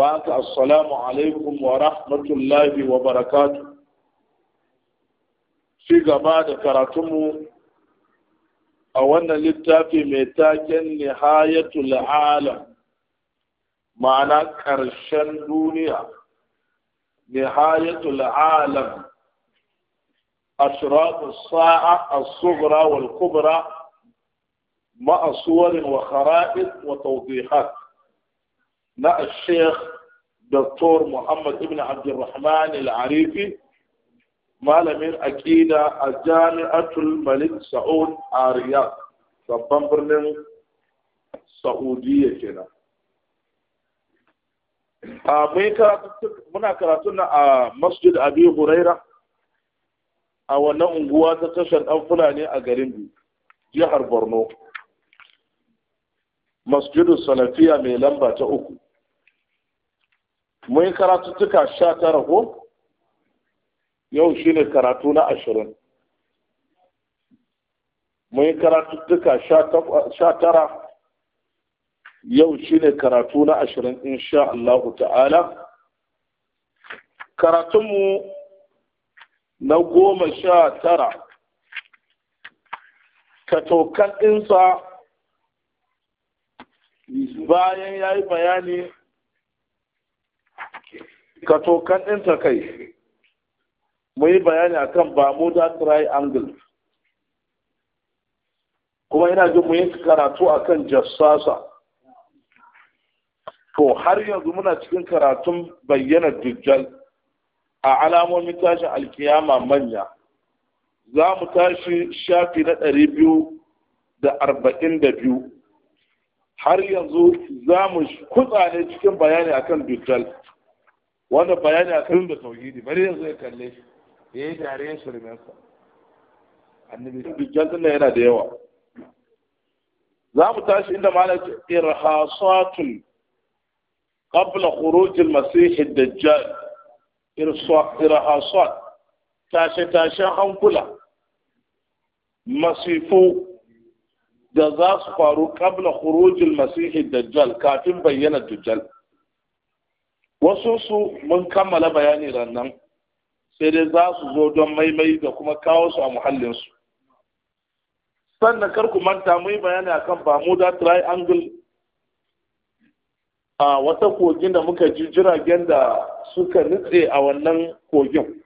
فاك السلام عليكم ورحمة الله وبركاته في قبادة كراتمو أولا للتافي ميتاك نهاية العالم معنى كرشن دونيا نهاية العالم أشراط الساعة الصغرى والكبرى مع صور وخرائط وتوضيحات na Sheikh Dr. Muhammad Ibn Abdulrahman Al-Arifi malamin aqida a Jami'atul Malik Saud a Riyadh babban birnin Saudiya kenan muna karatu na a Masjid Abi Huraira a unguwa ta tashar ɗan Fulani a garin jihar Borno Masjidu Salafiya mai lamba ta uku mun yi karatuttuka sha tara ko yau shi ne karatu na ashirin mun yi karatuttuka sha tara yau shi ne karatu na ashirin insha Allah ta'ala karatunmu na goma sha tara katokan ɗinsa bayan ya yi bayani ka kan ɗinta kai mu yi bayani akan Bermuda Triangle kuma ina jin mu yi karatu akan jassasa to har yanzu muna cikin karatun bayyana dujjal a alamomin tashi alkiyama manya za mu tashi shafi na ɗari biyu da arba'in da biyu har yanzu za mu kutsa ne cikin bayani akan dujjal wanda bayani a kan da tauhidi bari yanzu ya kalle shi ya yi dare ya shirme sa annabi dukkan tunda yana da yawa za mu tashi inda malam irhasatun qabla khuruj al-masih ad-dajjal irhasat tashe tashe hankula masifu da za su faru qabla khuruj al-masih ad-dajjal kafin bayyana dajjal wasu su mun kammala bayani rannan sai dai za su zo don maimai da kuma kawo su a muhallinsu sannan kar ku manta mun yi bayani akan Bermuda Triangle a wata kogin da muka ji jiragen da suka nutse a wannan kogin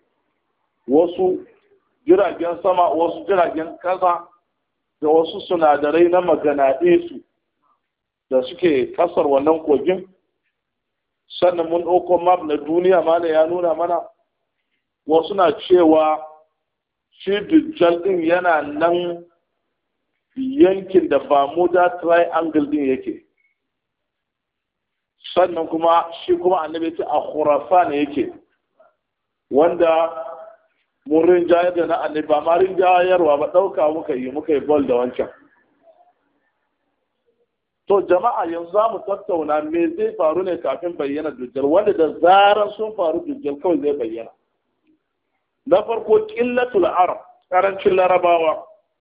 wasu jiragen sama wasu jiragen kasa da wasu sinadarai na maganaɗe su da suke kasar wannan kogin sannan mun ɗauko map na duniya ma da ya nuna mana wasu na cewa shi dujjal ɗin yana nan yankin da da Triangle ɗin yake sannan kuma shi kuma annabi ce a ne yake wanda mun rinjayar da na annabi ba ma rinjayarwa ba ɗauka muka yi muka yi bol da wancan to jama'a yanzu za mu tattauna me zai faru ne kafin bayyana dujjal wanda da zaran sun faru dujjal kawai zai bayyana na farko ƙillatul arab ƙarancin larabawa